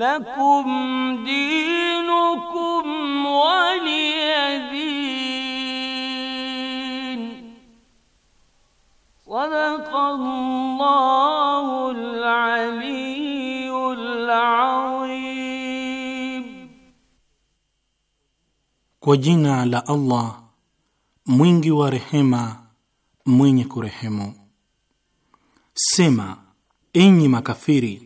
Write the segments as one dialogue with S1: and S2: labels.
S1: lakum dinukum waliyadin. Sadaqallahul aliyyul adhim.
S2: Kwa jina la Allah mwingi wa rehema mwenye kurehemu. Sema, enyi makafiri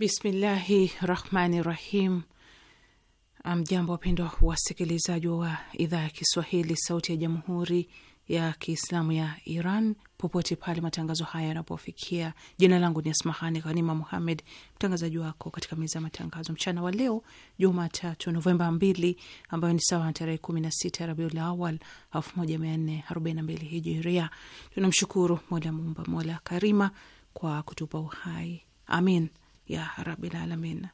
S3: Bismillahi rahmani rahim. Amjambo, wapendwa wasikilizaji wa idhaa ya Kiswahili sauti ya jamhuri ya Kiislamu ya Iran, popote pale matangazo haya yanapofikia. Jina langu ni Asmahani Ghanima Muhamed, mtangazaji wako katika meza ya matangazo mchana wa leo Jumatatu Novemba mbili, ambayo ni sawa na tarehe kumi na sita Rabiul Awal moja mia nne na mbili Hijiria. Tunamshukuru Mola mumba Mola Karima kwa kutupa uhai, amin ya rabil alamin.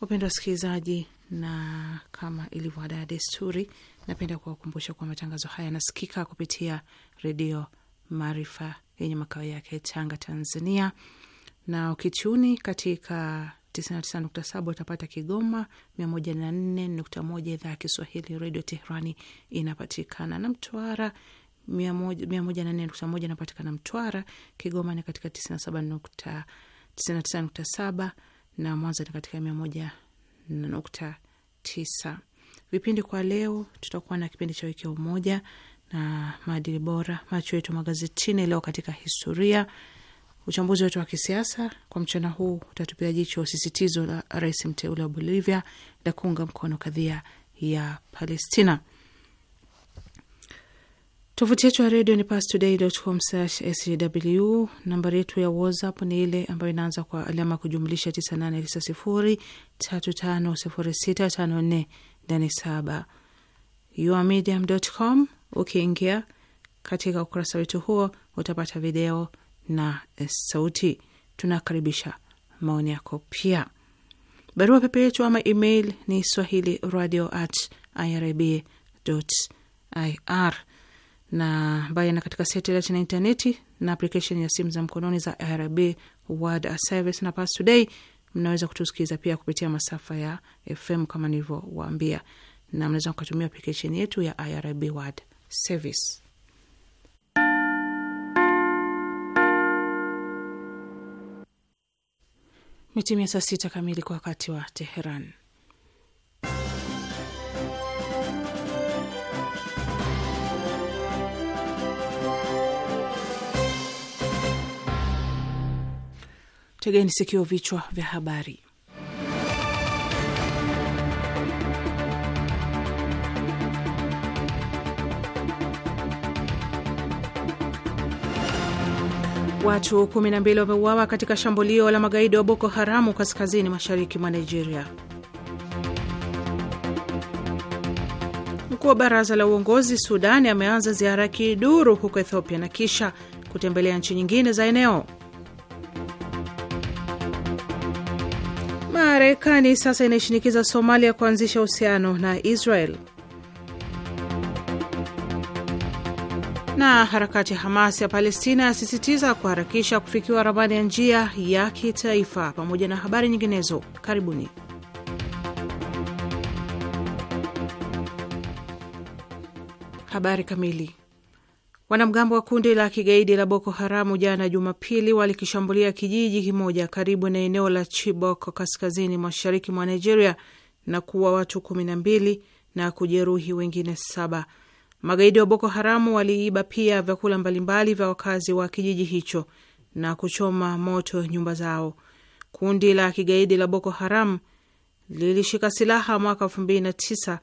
S3: Wapendwa wasikilizaji, na kama ilivyo ada ya desturi, napenda kuwakumbusha kuwa matangazo haya yanasikika kupitia redio Maarifa yenye makao yake Tanga, Tanzania, na ukichuni katika 99.7 utapata Kigoma, 104.1 idhaa ya Kiswahili redio Teherani inapatikana, na Mtwara 104.1 inapatikana Mtwara. Kigoma ni katika 97. 99.7 na Mwanza ni katika 100.9. Vipindi kwa leo, tutakuwa na kipindi cha wiki ya umoja na maadili bora, macho yetu magazetini, leo katika historia. Uchambuzi wetu wa kisiasa kwa mchana huu utatupia jicho sisitizo la rais mteule wa Bolivia la kuunga mkono kadhia ya Palestina. Tovuti yetu ya redio ni pastoday.com sw. Nambari yetu ya WhatsApp ni ile ambayo inaanza kwa alama kujumlisha 989035065487. yourmedium.com ukiingia katika ukurasa wetu huo utapata video na sauti. Tunakaribisha maoni yako pia. Barua pepe yetu ama email ni swahili radio at irib ir na ambaye na katika satellite na intaneti na aplikesheni ya simu za mkononi za IRIB World Service na pas Today. Mnaweza kutusikiliza pia kupitia masafa ya FM kama nilivyowaambia, na mnaweza kutumia aplikesheni yetu ya IRIB World Service. Mitimia saa sita kamili kwa wakati wa Teheran. Tegeni sikio, vichwa vya habari. Watu 12 wameuawa katika shambulio la magaidi wa Boko Haramu kaskazini mashariki mwa Nigeria. Mkuu wa baraza la uongozi Sudani ameanza ziara kiduru huko Ethiopia na kisha kutembelea nchi nyingine za eneo. Marekani sasa inaishinikiza Somalia kuanzisha uhusiano na Israel. Na harakati ya Hamas ya Palestina yasisitiza kuharakisha kufikiwa ramani ya njia ya kitaifa, pamoja na habari nyinginezo. Karibuni. Habari kamili. Wanamgambo wa kundi la kigaidi la Boko Haramu jana Jumapili walikishambulia kijiji kimoja karibu na eneo la Chibok kaskazini mashariki mwa Nigeria na kuua watu kumi na mbili na kujeruhi wengine saba. Magaidi wa Boko Haramu waliiba pia vyakula mbalimbali vya wakazi wa kijiji hicho na kuchoma moto nyumba zao. Kundi la kigaidi la Boko Haramu lilishika silaha mwaka elfu mbili na tisa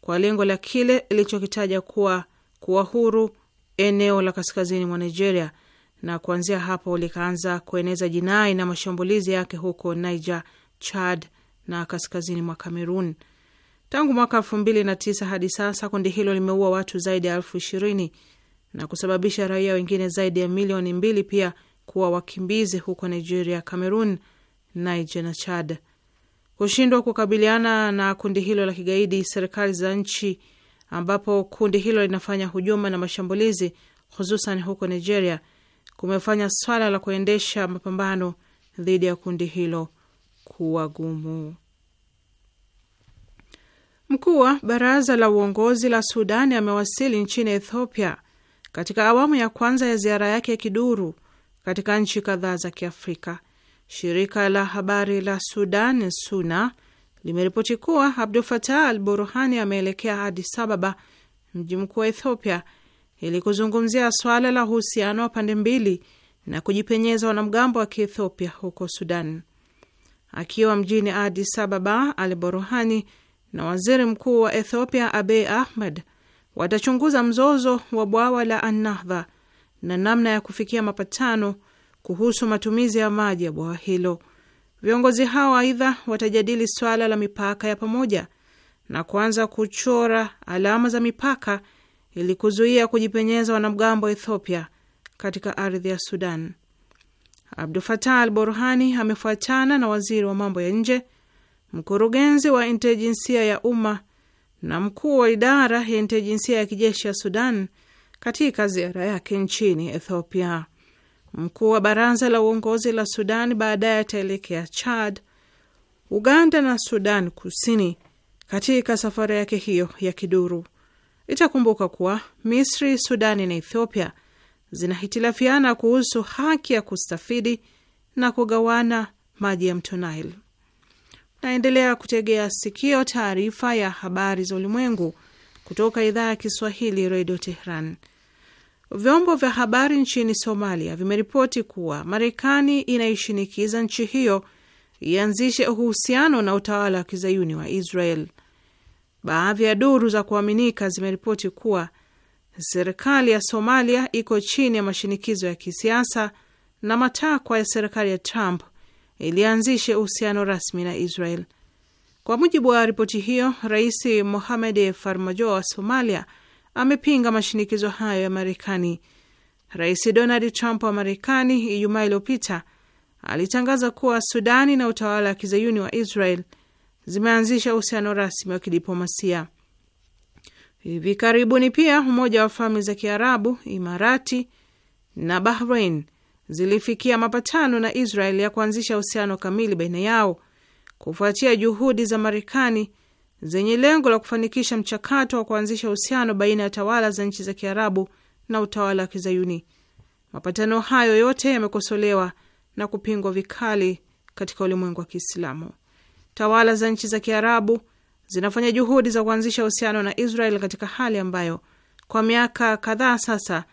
S3: kwa lengo la kile ilichokitaja kuwa kuwa huru eneo la kaskazini mwa Nigeria, na kuanzia hapo likaanza kueneza jinai na mashambulizi yake huko Niger, Chad na kaskazini mwa cameron Tangu mwaka elfu mbili na tisa hadi sasa kundi hilo limeua watu zaidi ya elfu ishirini na kusababisha raia wengine zaidi ya milioni mbili pia kuwa wakimbizi huko Nigeria, Cameroon, Niger na Chad. Kushindwa kukabiliana na kundi hilo la kigaidi, serikali za nchi ambapo kundi hilo linafanya hujuma na mashambulizi hususan huko Nigeria, kumefanya swala la kuendesha mapambano dhidi ya kundi hilo kuwa gumu. Mkuu wa baraza la uongozi la Sudani amewasili nchini Ethiopia katika awamu ya kwanza ya ziara yake ya kiduru katika nchi kadhaa za Kiafrika. Shirika la habari la Sudan SUNA limeripoti kuwa Abdul Fatah al Burhani ameelekea Adis Ababa, mji mkuu wa Ethiopia, ili kuzungumzia swala la uhusiano wa pande mbili na kujipenyeza wanamgambo wa Kiethiopia huko Sudan. Akiwa mjini Adis Ababa, al Burhani na waziri mkuu wa Ethiopia Abiy Ahmed watachunguza mzozo wa bwawa la Annahdha na namna ya kufikia mapatano kuhusu matumizi ya maji ya bwawa hilo. Viongozi hao aidha watajadili swala la mipaka ya pamoja na kuanza kuchora alama za mipaka ili kuzuia kujipenyeza wanamgambo wa Ethiopia katika ardhi ya Sudan. Abdu Fatah al Burhani amefuatana na waziri wa mambo ya nje, mkurugenzi wa intelijensia ya umma na mkuu wa idara ya intelijensia ya kijeshi ya Sudan katika ziara yake nchini Ethiopia. Mkuu wa baraza la uongozi la Sudan baadaye ataelekea Chad, Uganda na Sudan Kusini katika safari yake hiyo ya kiduru. Itakumbuka kuwa Misri, Sudani na Ethiopia zinahitilafiana kuhusu haki ya kustafidi na kugawana maji ya mto Nile. Naendelea kutegea sikio taarifa ya habari za ulimwengu kutoka idhaa ya Kiswahili, Redio Tehran. Vyombo vya habari nchini Somalia vimeripoti kuwa Marekani inaishinikiza nchi hiyo ianzishe uhusiano na utawala wa kizayuni wa Israel. Baadhi ya duru za kuaminika zimeripoti kuwa serikali ya Somalia iko chini ya mashinikizo ya kisiasa na matakwa ya serikali ya Trump ilianzishe uhusiano rasmi na Israel. Kwa mujibu wa ripoti hiyo, Rais Mohamed Farmajo wa Somalia amepinga mashinikizo hayo ya Marekani. Rais Donald Trump wa Marekani Ijumaa iliyopita alitangaza kuwa Sudani na utawala wa kizayuni wa Israel zimeanzisha uhusiano rasmi wa kidiplomasia. Hivi karibuni pia Umoja wa Falme za Kiarabu, Imarati na Bahrain zilifikia mapatano na Israel ya kuanzisha uhusiano kamili baina yao kufuatia juhudi za Marekani zenye lengo la kufanikisha mchakato wa kuanzisha uhusiano baina ya tawala za nchi za Kiarabu na utawala wa Kizayuni. Mapatano hayo yote yamekosolewa na kupingwa vikali katika ulimwengu wa Kiislamu. Tawala za nchi za Kiarabu zinafanya juhudi za kuanzisha uhusiano na Israel katika hali ambayo kwa miaka kadhaa sasa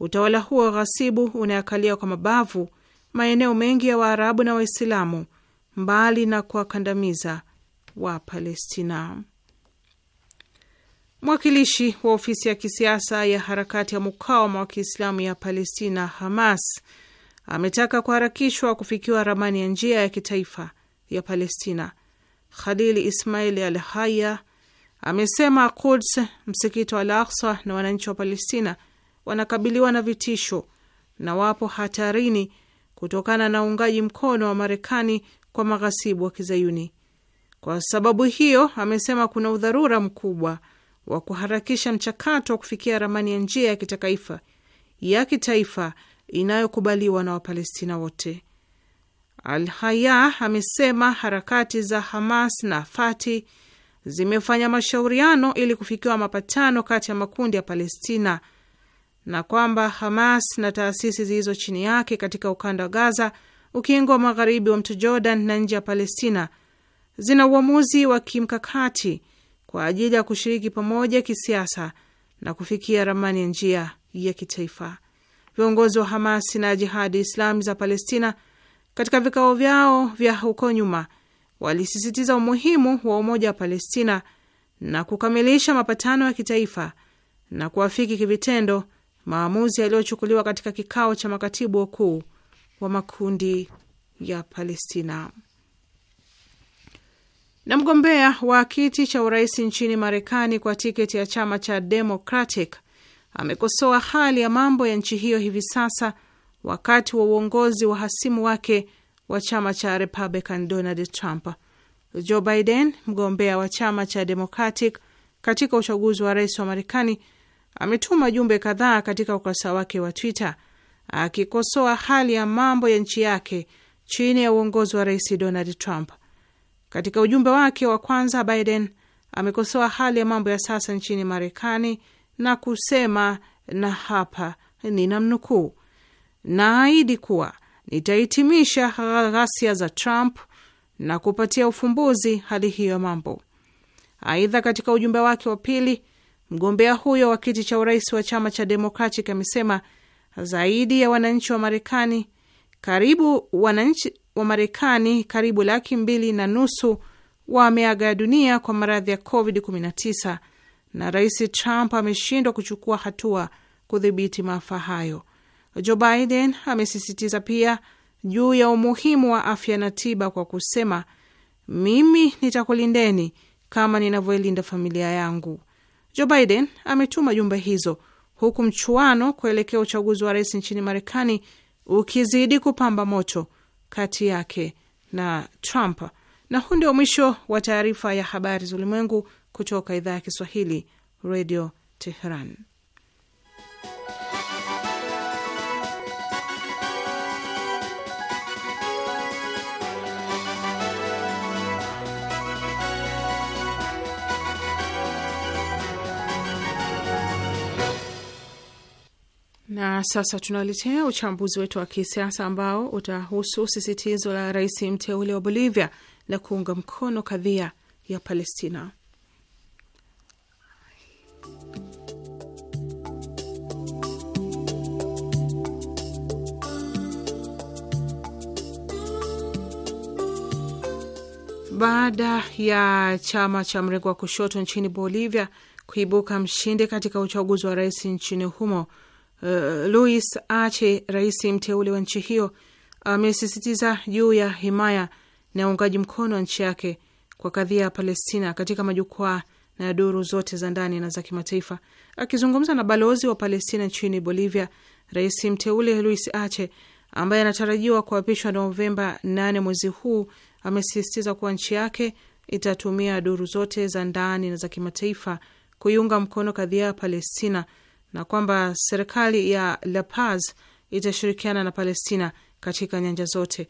S3: utawala huo ghasibu unayakalia kwa mabavu maeneo mengi ya Waarabu na Waislamu, mbali na kuwakandamiza wa Palestina. Mwakilishi wa ofisi ya kisiasa ya harakati ya mukawama wa Kiislamu ya Palestina, Hamas, ametaka kuharakishwa kufikiwa ramani ya njia ya kitaifa ya Palestina. Khalil Ismail Al Haya amesema Kuds, msikiti wa Al Aksa na wananchi wa Palestina wanakabiliwa na vitisho na wapo hatarini kutokana na uungaji mkono wa Marekani kwa maghasibu wa Kizayuni. Kwa sababu hiyo, amesema kuna udharura mkubwa wa kuharakisha mchakato wa kufikia ramani ya njia ya kitaifa ya kitaifa inayokubaliwa na Wapalestina wote. Al Haya amesema harakati za Hamas na Fati zimefanya mashauriano ili kufikiwa mapatano kati ya makundi ya Palestina na kwamba Hamas na taasisi zilizo chini yake katika ukanda wa Gaza, ukingo wa magharibi wa mto Jordan na nje ya Palestina zina uamuzi wa kimkakati kwa ajili ya kushiriki pamoja kisiasa na kufikia ramani ya njia ya kitaifa. Viongozi wa Hamasi na Jihadi Islami za Palestina katika vikao vyao vya huko nyuma walisisitiza umuhimu wa umoja wa Palestina na kukamilisha mapatano ya kitaifa na kuafiki kivitendo maamuzi yaliyochukuliwa katika kikao cha makatibu wakuu wa makundi ya Palestina. Na mgombea wa kiti cha urais nchini Marekani kwa tiketi ya chama cha Democratic amekosoa hali ya mambo ya nchi hiyo hivi sasa wakati wa uongozi wa hasimu wake wa chama cha Republican Donald Trump. Joe Biden, mgombea wa chama cha Democratic katika uchaguzi wa rais wa Marekani, ametuma jumbe kadhaa katika ukurasa wake wa Twitter akikosoa hali ya mambo ya nchi yake chini ya uongozi wa rais Donald Trump katika ujumbe wake wa kwanza, Biden amekosoa hali ya mambo ya sasa nchini Marekani na kusema, na hapa ninamnukuu, naahidi kuwa nitahitimisha ghasia za Trump na kupatia ufumbuzi hali hiyo ya mambo. Aidha, katika ujumbe wake wa pili, mgombea huyo wa kiti cha urais wa chama cha Democratic amesema zaidi ya wananchi wa Marekani karibu wananchi wa Marekani karibu laki mbili na nusu wameaga dunia kwa maradhi ya COVID-19 na Rais Trump ameshindwa kuchukua hatua kudhibiti maafa hayo. Joe Biden amesisitiza pia juu ya umuhimu wa afya na tiba kwa kusema, mimi nitakulindeni kama ninavyoilinda familia yangu. Joe Biden ametuma jumbe hizo huku mchuano kuelekea uchaguzi wa rais nchini Marekani ukizidi kupamba moto kati yake na Trump. Na huu ndio mwisho wa taarifa ya habari za ulimwengu kutoka idhaa ya Kiswahili, Radio Teheran. Na sasa tunaletea uchambuzi wetu wa kisiasa ambao utahusu sisitizo la rais mteule wa Bolivia la kuunga mkono kadhia ya Palestina. Baada ya chama cha mrengo wa kushoto nchini Bolivia kuibuka mshindi katika uchaguzi wa rais nchini humo Eh, Louis Ache, rais mteule wa nchi hiyo, amesisitiza juu ya himaya na uungaji mkono wa nchi yake kwa kadhia ya Palestina katika majukwaa na duru zote za ndani na za kimataifa. Akizungumza na balozi wa Palestina nchini Bolivia, rais mteule Luis Ache ambaye anatarajiwa kuapishwa Novemba 8 mwezi huu, amesisitiza kuwa nchi yake itatumia duru zote za ndani na za kimataifa kuiunga mkono kadhia ya Palestina na kwamba serikali ya La Paz itashirikiana na Palestina katika nyanja zote.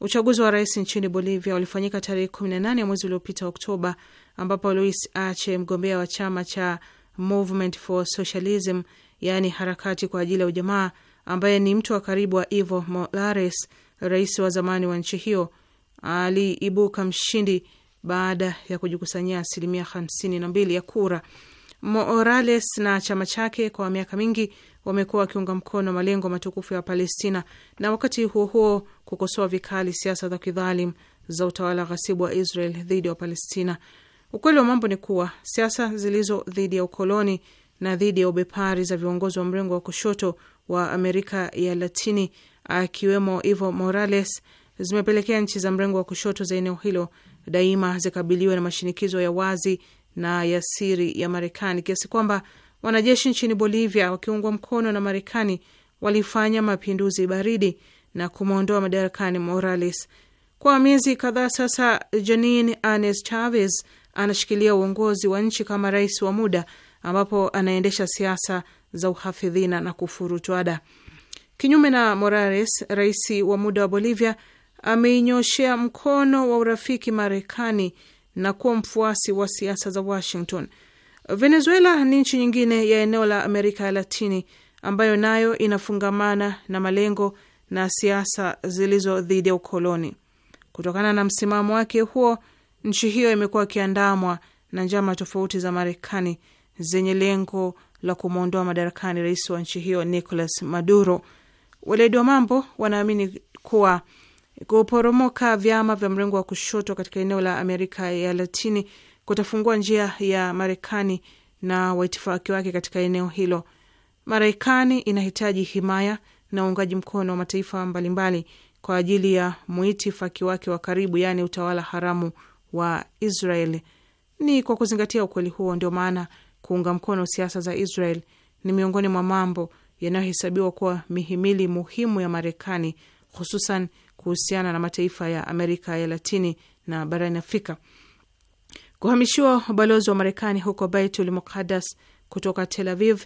S3: Uchaguzi wa rais nchini Bolivia ulifanyika tarehe 18 ya mwezi uliopita Oktoba, ambapo Luis Arce, mgombea wa chama cha Movement for Socialism, yaani harakati kwa ajili ya ujamaa, ambaye ni mtu wa karibu wa Evo Morales, rais wa zamani wa nchi hiyo, aliibuka mshindi baada ya kujikusanyia asilimia 52 ya kura. Morales na chama chake kwa miaka mingi wamekuwa wakiunga mkono malengo matukufu ya Palestina na wakati huo huo kukosoa vikali siasa za kidhalim za utawala ghasibu wa Israel dhidi ya Wapalestina. Ukweli wa mambo ni kuwa siasa zilizo dhidi ya ukoloni na dhidi ya ubepari za viongozi wa mrengo wa kushoto wa Amerika ya Latini, akiwemo Evo Morales, zimepelekea nchi za mrengo wa kushoto za eneo hilo daima zikabiliwe na mashinikizo ya wazi na ya siri ya Marekani kiasi kwamba wanajeshi nchini Bolivia wakiungwa mkono na Marekani walifanya mapinduzi baridi na kumwondoa madarakani Morales. Kwa miezi kadhaa sasa, Janin Anes Chavez anashikilia uongozi wa nchi kama rais wa muda, ambapo anaendesha siasa za uhafidhina na kufurutwada Kinyume na Morales, rais wa muda wa Bolivia ameinyoshea mkono wa urafiki Marekani na kuwa mfuasi wa siasa za Washington. Venezuela ni nchi nyingine ya eneo la Amerika ya Latini ambayo nayo inafungamana na malengo na siasa zilizo dhidi ya ukoloni. Kutokana na msimamo wake huo, nchi hiyo imekuwa ikiandamwa na njama tofauti za Marekani zenye lengo la kumwondoa madarakani rais wa nchi hiyo Nicolas Maduro. Weledi wa mambo wanaamini kuwa Kuporomoka vyama vya mrengo wa kushoto katika eneo la Amerika ya Latini kutafungua njia ya Marekani na waitifaki wake katika eneo hilo. Marekani inahitaji himaya na uungaji mkono wa mataifa mbalimbali kwa ajili ya mwitifaki wake wa karibu, yaani utawala haramu wa Israel. Ni kwa kuzingatia ukweli huo ndio maana kuunga mkono siasa za Israel ni miongoni mwa mambo yanayohesabiwa kuwa mihimili muhimu ya Marekani, hususan kuhusiana na mataifa ya Amerika ya Latini na barani Afrika. Kuhamishiwa ubalozi wa Marekani huko Baitul Muqaddas kutoka Tel Aviv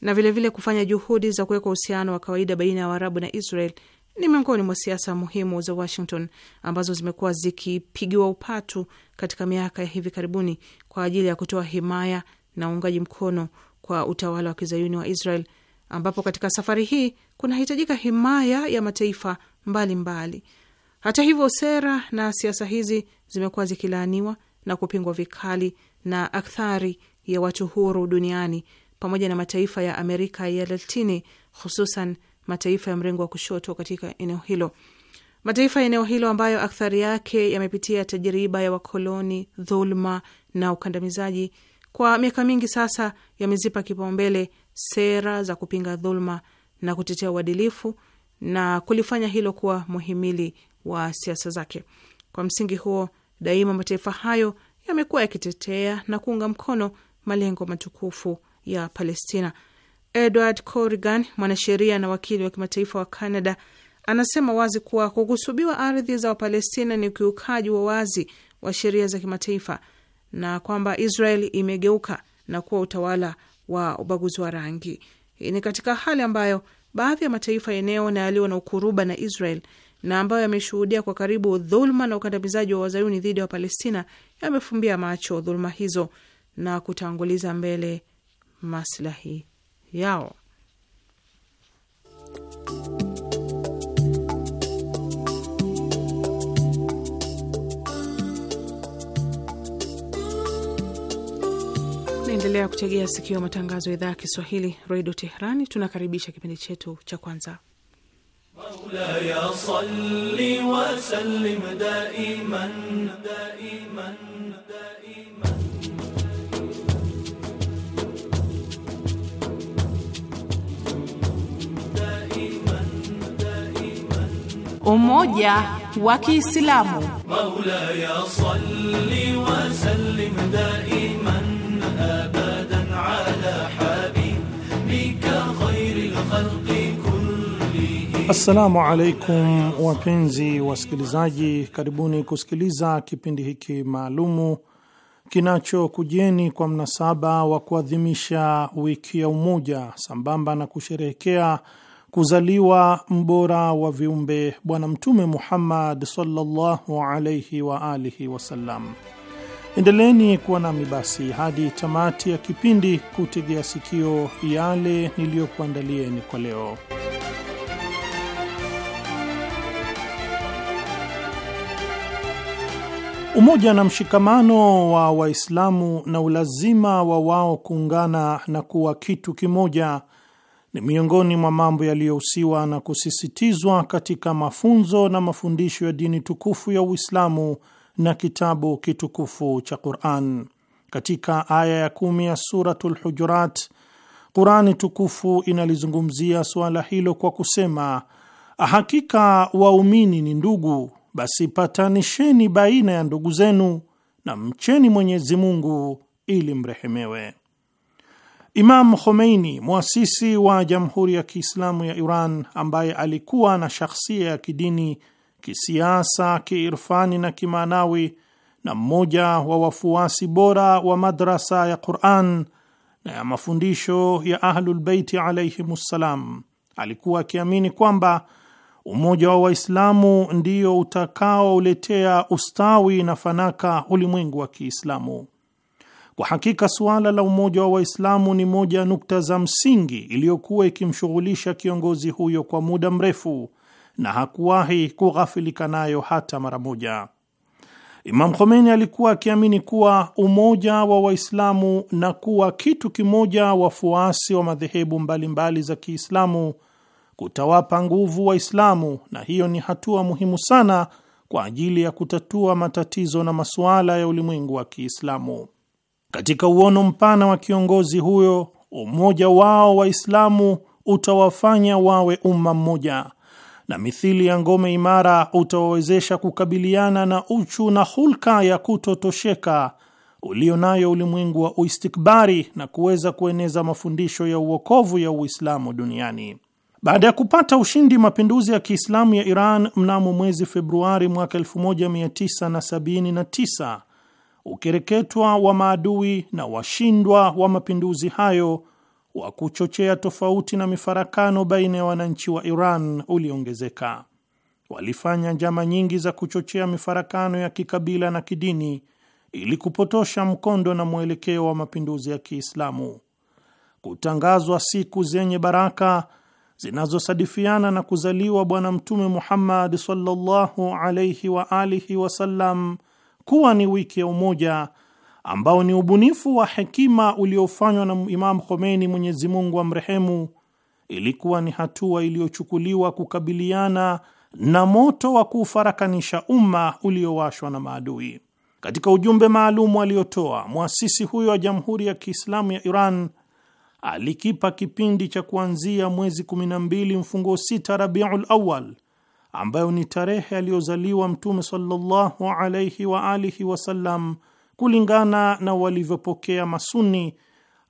S3: na vilevile vile kufanya juhudi za kuweka uhusiano wa kawaida baina ya Waarabu na Israel ni miongoni mwa siasa muhimu za Washington ambazo zimekuwa zikipigiwa upatu katika miaka ya hivi karibuni kwa ajili ya kutoa himaya na uungaji mkono kwa utawala wa kizayuni wa Israel, ambapo katika safari hii kunahitajika himaya ya mataifa mbalimbali mbali. Hata hivyo, sera na siasa hizi zimekuwa zikilaaniwa na kupingwa vikali na akthari ya watu huru duniani pamoja na mataifa ya Amerika ya Latini, hususan mataifa ya mrengo wa kushoto katika eneo hilo. Mataifa ya eneo hilo ambayo akthari yake yamepitia tajriba ya wakoloni, dhuluma na ukandamizaji kwa miaka mingi sasa, yamezipa kipaumbele sera za kupinga dhuluma na kutetea uadilifu na kulifanya hilo kuwa muhimili wa siasa zake. Kwa msingi huo, daima mataifa hayo yamekuwa yakitetea na kuunga mkono malengo matukufu ya Palestina. Edward Corrigan, mwanasheria na wakili wa kimataifa wa Canada, anasema wazi kuwa kukusubiwa ardhi za Wapalestina ni ukiukaji wa wazi wa sheria za kimataifa na kwamba Israel imegeuka na kuwa utawala wa ubaguzi wa rangi. Ni katika hali ambayo baadhi ya mataifa eneo na yaliyo na ukuruba na Israel na ambayo yameshuhudia kwa karibu dhuluma na ukandamizaji wa wazayuni dhidi ya Wapalestina yamefumbia macho dhuluma hizo na kutanguliza mbele maslahi yao. Unaendelea kutegea sikio matangazo ya idhaa ya Kiswahili redio Teherani. Tunakaribisha kipindi chetu cha kwanza Umoja wa Kiislamu.
S2: Assalamu alaikum wapenzi wasikilizaji, karibuni kusikiliza kipindi hiki maalumu kinachokujeni kwa mnasaba wa kuadhimisha wiki ya Umoja sambamba na kusherehekea kuzaliwa mbora wa viumbe Bwana Mtume Muhammad sallallahu alaihi wa alihi wasallam endeleni kuwa nami basi hadi tamati ya kipindi kutegea sikio yale niliyokuandalieni kwa leo. Umoja na mshikamano wa Waislamu na ulazima wa wao kuungana na kuwa kitu kimoja ni miongoni mwa mambo yaliyohusiwa na kusisitizwa katika mafunzo na mafundisho ya dini tukufu ya Uislamu na kitabu kitukufu cha Quran. Katika aya ya kumi ya Suratul Hujurat, Qurani tukufu inalizungumzia suala hilo kwa kusema, hakika waumini ni ndugu, basi patanisheni baina ya ndugu zenu na mcheni Mwenyezi Mungu ili mrehemewe. Imam Khomeini, mwasisi wa Jamhuri ya Kiislamu ya Iran, ambaye alikuwa na shakhsia ya kidini kisiasa, kiirfani na kimaanawi, na mmoja wa wafuasi bora wa madrasa ya Quran na ya mafundisho ya Ahlulbeiti ssalam Alikuwa akiamini kwamba umoja wa Waislamu ndio utakaouletea ustawi na fanaka ulimwengu wa Kiislamu. Kwa hakika suala la umoja wa Waislamu ni moja nukta za msingi iliyokuwa ikimshughulisha kiongozi huyo kwa muda mrefu na hakuwahi kughafilika nayo hata mara moja. Imam Khomeini alikuwa akiamini kuwa umoja wa Waislamu na kuwa kitu kimoja wafuasi wa madhehebu mbalimbali za Kiislamu kutawapa nguvu Waislamu, na hiyo ni hatua muhimu sana kwa ajili ya kutatua matatizo na masuala ya ulimwengu wa Kiislamu. Katika uono mpana wa kiongozi huyo, umoja wao Waislamu utawafanya wawe umma mmoja na mithili ya ngome imara utawawezesha kukabiliana na uchu na hulka ya kutotosheka ulio nayo ulimwengu wa uistikbari na kuweza kueneza mafundisho ya uokovu ya Uislamu duniani. Baada ya kupata ushindi mapinduzi ya Kiislamu ya Iran mnamo mwezi Februari mwaka 1979, ukereketwa wa maadui na washindwa wa mapinduzi hayo wa kuchochea tofauti na mifarakano baina ya wananchi wa Iran uliongezeka. Walifanya njama nyingi za kuchochea mifarakano ya kikabila na kidini ili kupotosha mkondo na mwelekeo wa mapinduzi ya Kiislamu. Kutangazwa siku zenye baraka zinazosadifiana na kuzaliwa Bwana Mtume Muhammad sallallahu alaihi wa alihi wasallam kuwa ni wiki ya umoja ambao ni ubunifu wa hekima uliofanywa na Imam Khomeini, Mwenyezi Mungu amrehemu, ilikuwa ni hatua iliyochukuliwa kukabiliana na moto wa kuufarakanisha umma uliowashwa na maadui. Katika ujumbe maalumu aliotoa, mwasisi huyo wa Jamhuri ya Kiislamu ya Iran alikipa kipindi cha kuanzia mwezi 12 mfungo 6 Rabiul Awal, ambayo ni tarehe aliyozaliwa Mtume sallallahu alayhi wa alihi wasallam kulingana na walivyopokea Masuni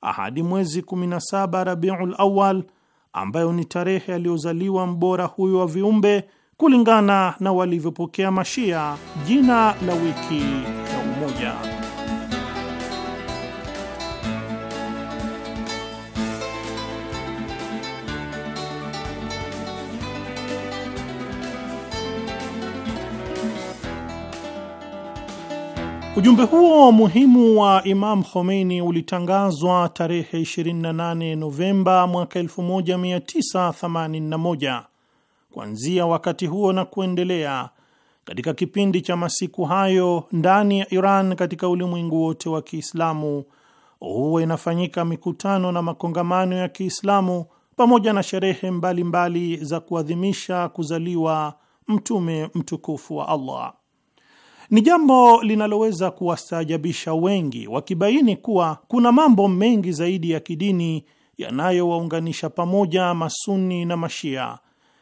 S2: ahadi mwezi 17 Rabiul Awal, ambayo ni tarehe aliyozaliwa mbora huyo wa viumbe, kulingana na walivyopokea Mashia jina la wiki ya Umoja. Ujumbe huo muhimu wa Imam Khomeini ulitangazwa tarehe 28 Novemba mwaka 1981. Kuanzia wakati huo na kuendelea, katika kipindi cha masiku hayo ndani ya Iran, katika ulimwengu wote wa Kiislamu, huwa inafanyika mikutano na makongamano ya Kiislamu pamoja na sherehe mbalimbali mbali za kuadhimisha kuzaliwa Mtume mtukufu wa Allah. Ni jambo linaloweza kuwastaajabisha wengi, wakibaini kuwa kuna mambo mengi zaidi ya kidini yanayowaunganisha pamoja Masuni na Mashia,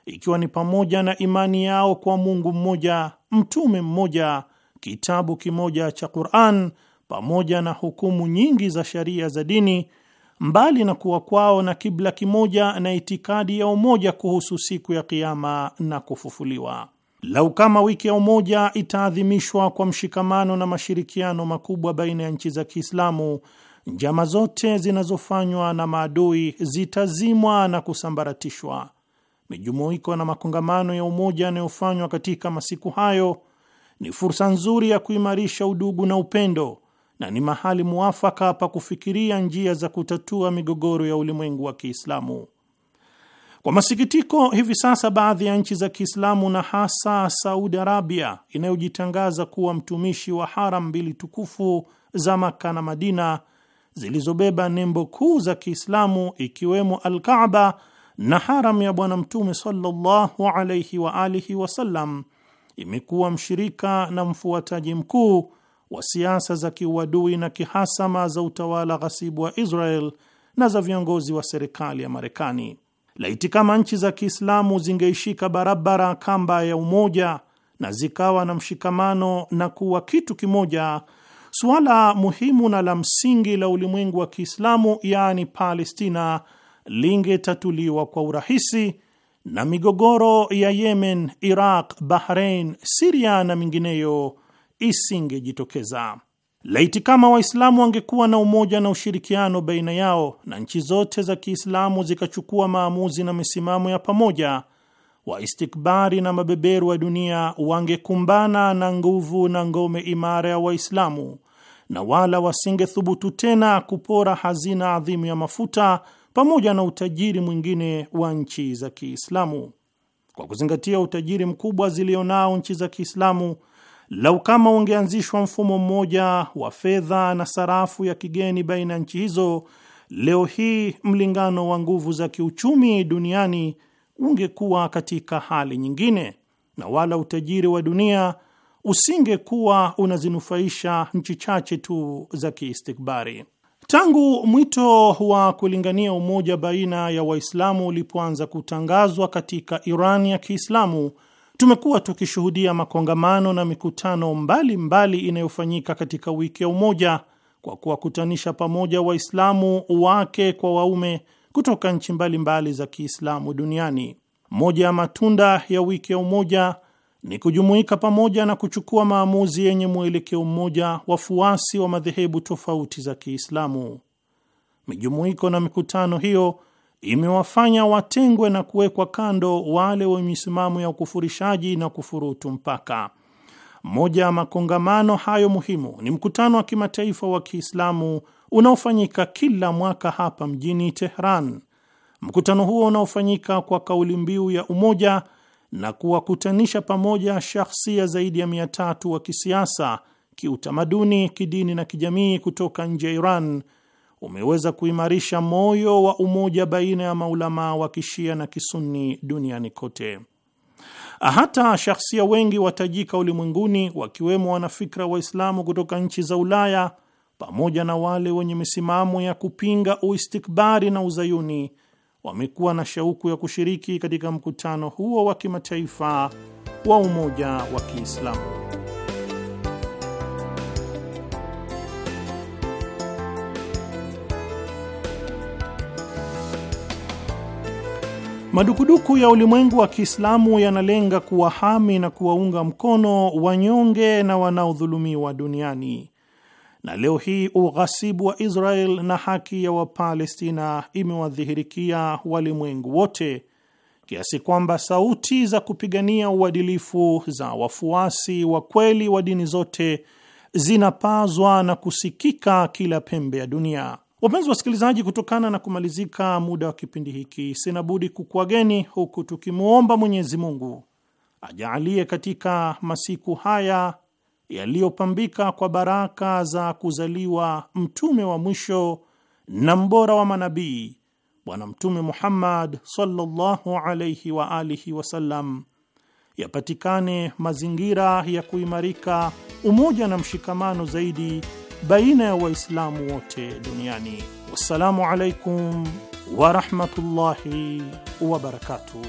S2: ikiwa ni pamoja na imani yao kwa Mungu mmoja, mtume mmoja, kitabu kimoja cha Qur'an, pamoja na hukumu nyingi za sharia za dini, mbali na kuwa kwao na kibla kimoja na itikadi ya umoja kuhusu siku ya kiama na kufufuliwa. Lau kama wiki ya umoja itaadhimishwa kwa mshikamano na mashirikiano makubwa baina ya nchi za Kiislamu, njama zote zinazofanywa na maadui zitazimwa na kusambaratishwa. Mijumuiko na makongamano ya umoja yanayofanywa katika masiku hayo ni fursa nzuri ya kuimarisha udugu na upendo na ni mahali muafaka pa kufikiria njia za kutatua migogoro ya ulimwengu wa Kiislamu. Kwa masikitiko, hivi sasa baadhi ya nchi za Kiislamu na hasa Saudi Arabia inayojitangaza kuwa mtumishi wa haram mbili tukufu za Maka na Madina zilizobeba nembo kuu za Kiislamu ikiwemo Alkaaba na haram ya Bwana Mtume sallallahu alaihi wa alihi wasallam imekuwa mshirika na mfuataji mkuu wa siasa za kiuadui na kihasama za utawala ghasibu wa Israel na za viongozi wa serikali ya Marekani. Laiti kama nchi za Kiislamu zingeishika barabara kamba ya umoja na zikawa na mshikamano na kuwa kitu kimoja, suala muhimu na la msingi la ulimwengu wa Kiislamu, yaani Palestina, lingetatuliwa kwa urahisi na migogoro ya Yemen, Iraq, Bahrain, Siria na mingineyo isingejitokeza. Laiti kama Waislamu wangekuwa na umoja na ushirikiano baina yao na nchi zote za Kiislamu zikachukua maamuzi na misimamo ya pamoja, waistikbari na mabeberu wa dunia wangekumbana na nguvu na ngome imara ya Waislamu na wala wasingethubutu tena kupora hazina adhimu ya mafuta pamoja na utajiri mwingine wa nchi za Kiislamu. Kwa kuzingatia utajiri mkubwa zilionao nchi za Kiislamu Lau kama ungeanzishwa mfumo mmoja wa fedha na sarafu ya kigeni baina ya nchi hizo, leo hii mlingano wa nguvu za kiuchumi duniani ungekuwa katika hali nyingine, na wala utajiri wa dunia usingekuwa unazinufaisha nchi chache tu za kiistikbari. Tangu mwito wa kulingania umoja baina ya Waislamu ulipoanza kutangazwa katika Iran ya Kiislamu, Tumekuwa tukishuhudia makongamano na mikutano mbalimbali inayofanyika katika wiki ya Umoja kwa kuwakutanisha pamoja Waislamu wake kwa waume kutoka nchi mbalimbali za Kiislamu duniani. Moja ya matunda ya wiki ya Umoja ni kujumuika pamoja na kuchukua maamuzi yenye mwelekeo mmoja wafuasi wa madhehebu tofauti za Kiislamu. Mijumuiko na mikutano hiyo imewafanya watengwe na kuwekwa kando wale wenye misimamo ya ukufurishaji na kufurutu mpaka. Moja ya makongamano hayo muhimu ni mkutano wa kimataifa wa Kiislamu unaofanyika kila mwaka hapa mjini Tehran. Mkutano huo unaofanyika kwa kauli mbiu ya umoja na kuwakutanisha pamoja shahsia zaidi ya mia tatu wa kisiasa, kiutamaduni, kidini na kijamii kutoka nje ya Iran umeweza kuimarisha moyo wa umoja baina ya maulamaa wa kishia na kisuni duniani kote. Hata shahsia wengi watajika ulimwenguni wakiwemo wanafikra Waislamu kutoka nchi za Ulaya pamoja na wale wenye misimamo ya kupinga uistikbari na uzayuni wamekuwa na shauku ya kushiriki katika mkutano huo wa kimataifa wa umoja wa Kiislamu. Madukuduku ya ulimwengu wa Kiislamu yanalenga kuwahami na kuwaunga mkono wanyonge na wanaodhulumiwa duniani, na leo hii ughasibu wa Israel na haki ya Wapalestina imewadhihirikia walimwengu wote kiasi kwamba sauti za kupigania uadilifu za wafuasi wa kweli wa dini zote zinapazwa na kusikika kila pembe ya dunia. Wapenzi wasikilizaji, kutokana na kumalizika muda wa kipindi hiki, sina budi kukuageni huku tukimwomba Mwenyezi Mungu ajaalie katika masiku haya yaliyopambika kwa baraka za kuzaliwa mtume wa mwisho na mbora wa manabii Bwana Mtume Muhammad sallallahu wa alihi wasallam, yapatikane mazingira ya kuimarika umoja na mshikamano zaidi baina ya Waislamu wote duniani. Wassalamu alaikum warahmatullahi wabarakatuh.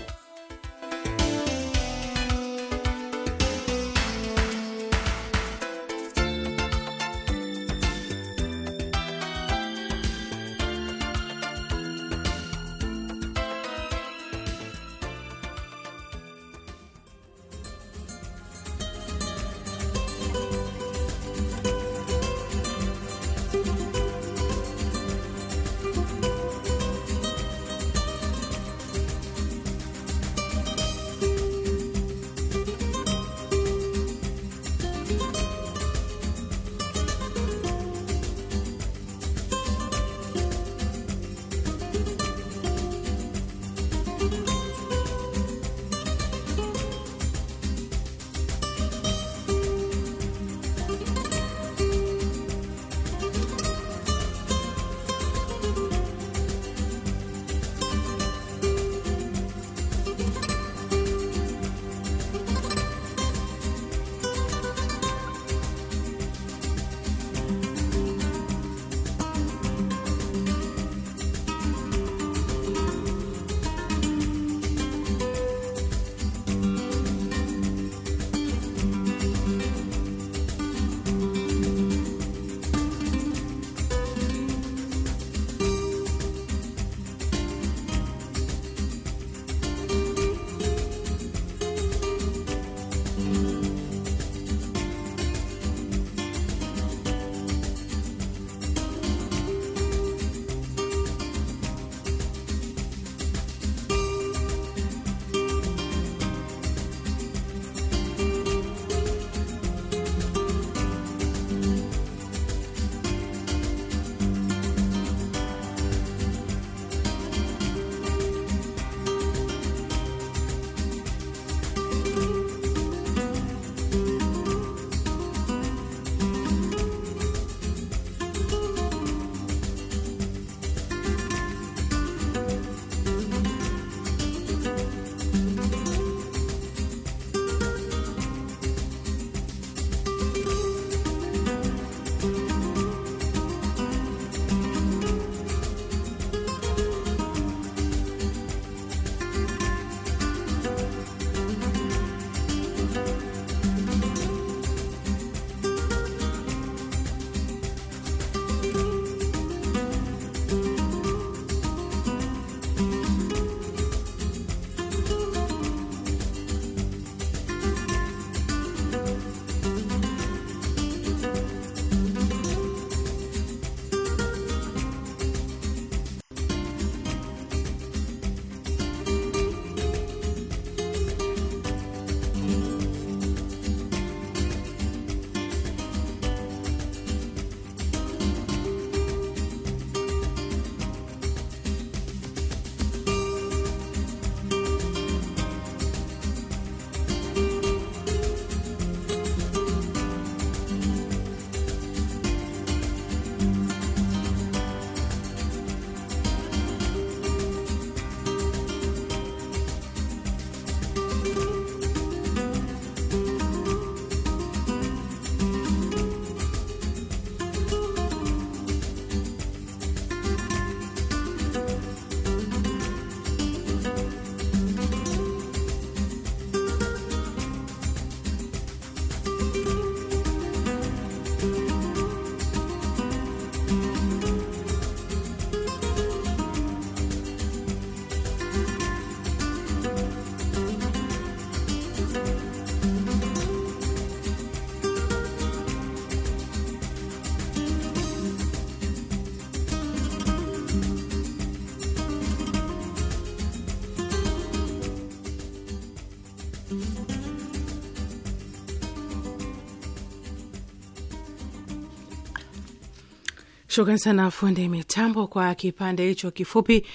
S3: Shukran sana fundi mitambo kwa kipande hicho kifupi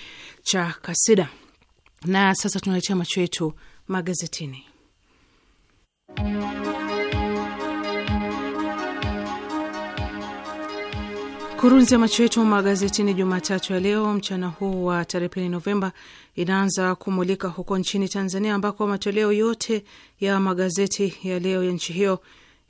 S3: cha kasida. Na sasa tunaletea macho yetu magazetini. Kurunzi ya macho yetu magazetini Jumatatu ya leo mchana huu wa tarehe pili Novemba inaanza kumulika huko nchini Tanzania, ambako matoleo yote ya magazeti ya leo ya nchi hiyo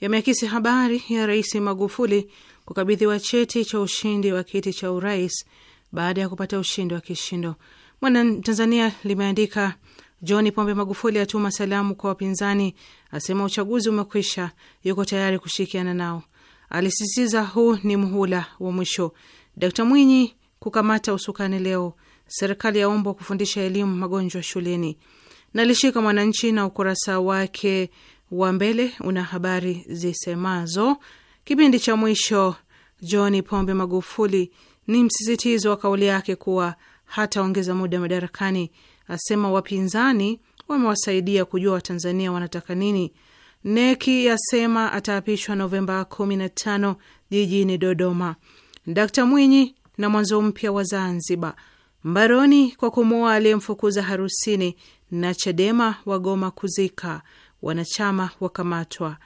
S3: yameakisi habari ya Rais Magufuli kukabidhiwa cheti cha ushindi wa kiti cha urais baada ya kupata ushindi wa kishindo. Mwana Tanzania limeandika John Pombe Magufuli atuma salamu kwa wapinzani, asema uchaguzi umekwisha, yuko tayari kushirikiana nao. Alisisitiza huu ni muhula wa mwisho. Dkt Mwinyi kukamata usukani leo, serikali yaombwa kufundisha elimu magonjwa shuleni. Nalishika Mwananchi na ukurasa wake wa mbele una habari zisemazo Kipindi cha mwisho John Pombe Magufuli ni msisitizo wa kauli yake kuwa hataongeza muda madarakani, asema wapinzani wamewasaidia kujua watanzania wanataka nini. Neki asema ataapishwa Novemba kumi na tano jijini Dodoma. Dkt Mwinyi na mwanzo mpya wa Zanzibar, mbaroni kwa kumua aliyemfukuza harusini, na Chadema wagoma kuzika, wanachama wakamatwa.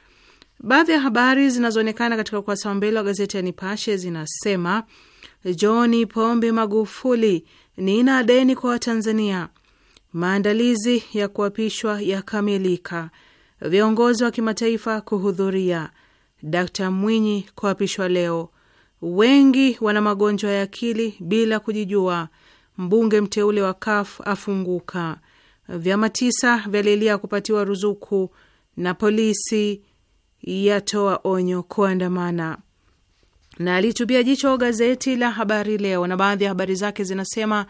S3: Baadhi ya habari zinazoonekana katika ukurasa wa mbele wa gazeti ya Nipashe zinasema John Pombe Magufuli, nina deni kwa Watanzania. Maandalizi ya kuapishwa yakamilika, viongozi wa kimataifa kuhudhuria. Dkt Mwinyi kuapishwa leo. Wengi wana magonjwa ya akili bila kujijua. Mbunge mteule wa kaf afunguka. Vyama tisa vyalilia kupatiwa ruzuku. Na polisi yatoa onyo kuandamana. Na alitubia jicho gazeti la Habari Leo na baadhi ya habari zake zinasema: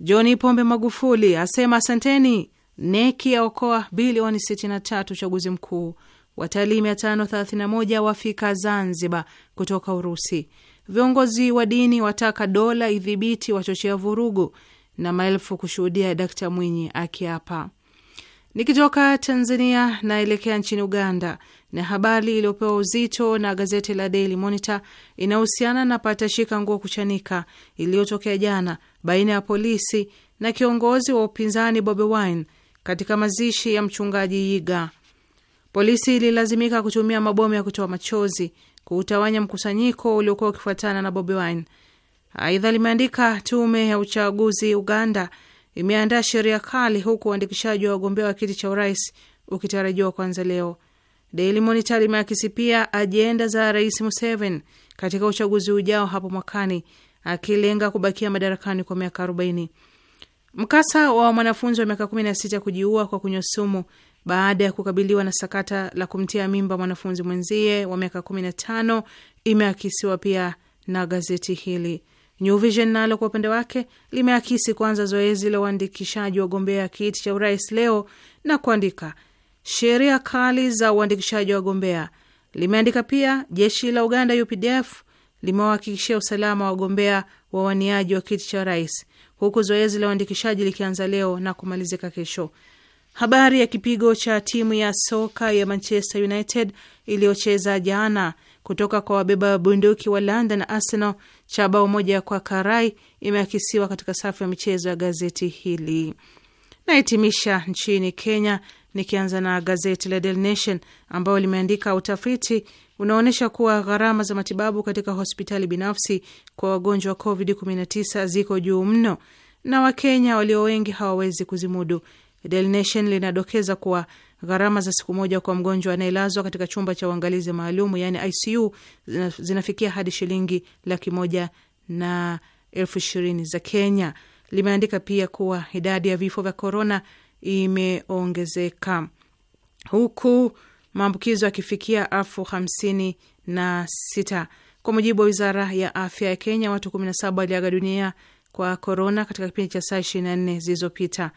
S3: John Pombe Magufuli asema asanteni, neki yaokoa bilioni 63 uchaguzi mkuu, watalii 531 wafika Zanzibar kutoka Urusi, viongozi wa dini wataka dola idhibiti wachochea vurugu, na maelfu kushuhudia Dkt Mwinyi akiapa. Nikitoka Tanzania naelekea nchini Uganda na habari iliyopewa uzito na gazeti la Daily Monitor inahusiana na patashika nguo kuchanika iliyotokea jana baina ya polisi na kiongozi wa upinzani Bobi Wine katika mazishi ya mchungaji Yiga. Polisi ililazimika kutumia mabomu ya kutoa machozi kuutawanya mkusanyiko uliokuwa ukifuatana na Bobi Wine. Aidha limeandika tume ya uchaguzi Uganda imeandaa sheria kali, huku uandikishaji wa wagombea wa kiti cha urais ukitarajiwa kuanza leo. Daily Monitor imeakisi pia ajenda za Rais Museveni katika uchaguzi ujao hapo mwakani, akilenga kubakia madarakani kwa miaka 40. Mkasa wa mwanafunzi wa miaka 16 kujiua kwa kunywa sumu baada ya kukabiliwa na sakata la kumtia mimba mwanafunzi mwenzie wa miaka 15 imeakisiwa pia na gazeti hili. New Vision nalo kwa upande wake limeakisi kwanza zoezi la uandikishaji gombea kiti cha urais leo na kuandika sheria kali za uandikishaji wa wagombea. Limeandika pia jeshi la Uganda UPDF limewahakikishia usalama wa wagombea wa waniaji wa kiti cha rais, huku zoezi la uandikishaji likianza leo na kumalizika kesho. Habari ya kipigo cha timu ya soka ya Manchester United iliyocheza jana kutoka kwa wabeba bunduki wa London Arsenal cha bao moja kwa karai imeakisiwa katika safu ya michezo ya gazeti hili. Nahitimisha nchini Kenya nikianza na gazeti la Daily Nation ambayo limeandika utafiti unaonyesha kuwa gharama za matibabu katika hospitali binafsi kwa wagonjwa wa COVID-19 ziko juu mno na Wakenya walio wengi hawawezi kuzimudu. Daily Nation linadokeza kuwa gharama za siku moja kwa mgonjwa anayelazwa katika chumba cha uangalizi maalumu yaani ICU zinafikia hadi shilingi laki moja na elfu ishirini za Kenya. Limeandika pia kuwa idadi ya vifo vya korona imeongezeka huku maambukizo yakifikia elfu hamsini na sita kwa mujibu wa wizara ya afya ya Kenya. Watu 17 waliaga dunia kwa korona katika kipindi cha saa 24 zilizopita.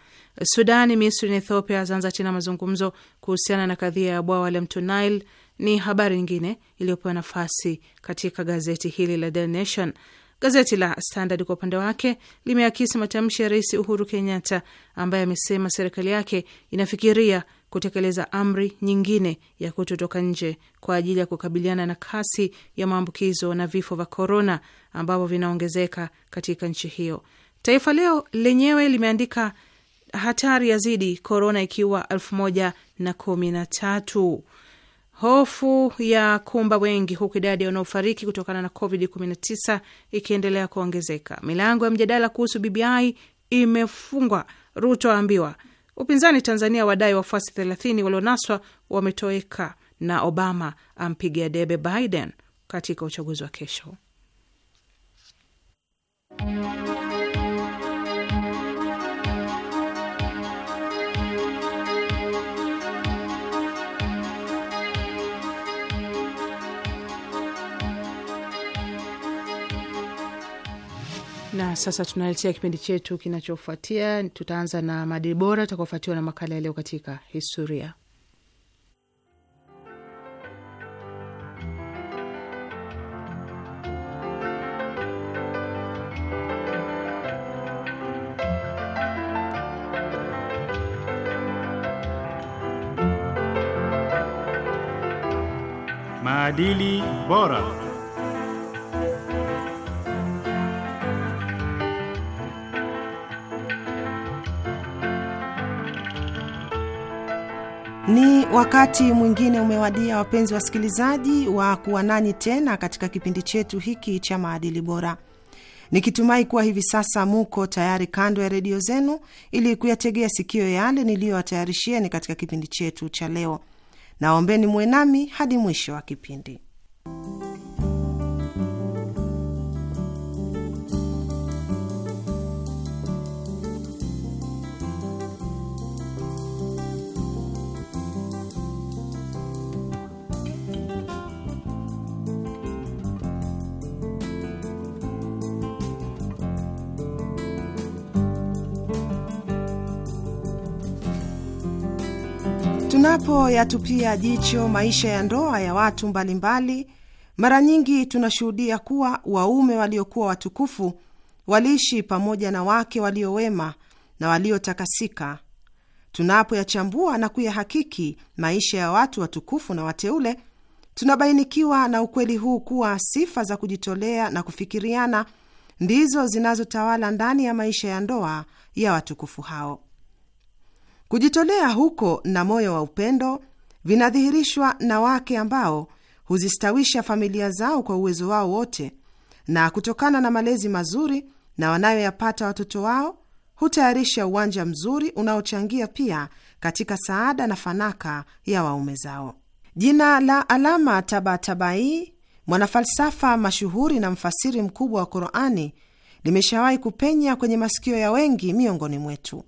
S3: Sudani, Misri na Ethiopia zaanza tena mazungumzo kuhusiana na kadhia ya bwawa la mto Nile ni habari nyingine iliyopewa nafasi katika gazeti hili la The Nation. Gazeti la Standard kwa upande wake limeakisi matamshi ya Rais Uhuru Kenyatta ambaye amesema serikali yake inafikiria kutekeleza amri nyingine ya kutotoka nje kwa ajili ya kukabiliana na kasi ya maambukizo na vifo vya korona ambavyo vinaongezeka katika nchi hiyo. Taifa Leo lenyewe limeandika hatari yazidi korona ikiwa elfu moja na kumi na tatu. Hofu ya kumba wengi huku idadi ya wanaofariki kutokana na COVID-19 ikiendelea kuongezeka. Milango ya mjadala kuhusu BBI imefungwa, Ruto aambiwa. Upinzani Tanzania wadai wafuasi 30 walionaswa wametoweka, na Obama ampigia debe Biden katika uchaguzi wa kesho. Na sasa tunaletea kipindi chetu kinachofuatia. Tutaanza na maadili bora tutakaofuatiwa na makala yaleo katika historia.
S2: Maadili bora.
S4: Wakati mwingine umewadia, wapenzi wasikilizaji, wa kuwa nanyi tena katika kipindi chetu hiki cha maadili bora, nikitumai kuwa hivi sasa muko tayari kando ya redio zenu ili kuyategea sikio yale niliyowatayarishieni katika kipindi chetu cha leo. Naombeni nami hadi mwisho wa kipindi. Tunapoyatupia jicho maisha ya ndoa ya watu mbalimbali, mara nyingi tunashuhudia kuwa waume waliokuwa watukufu waliishi pamoja na wake waliowema na waliotakasika. Tunapoyachambua na kuyahakiki maisha ya watu watukufu na wateule, tunabainikiwa na ukweli huu kuwa sifa za kujitolea na kufikiriana ndizo zinazotawala ndani ya maisha ya ndoa ya watukufu hao. Kujitolea huko na moyo wa upendo vinadhihirishwa na wake ambao huzistawisha familia zao kwa uwezo wao wote, na kutokana na malezi mazuri na wanayoyapata watoto wao hutayarisha uwanja mzuri unaochangia pia katika saada na fanaka ya waume zao. Jina la Alama Tabatabai, mwanafalsafa mashuhuri na mfasiri mkubwa wa Qurani, limeshawahi kupenya kwenye masikio ya wengi miongoni mwetu.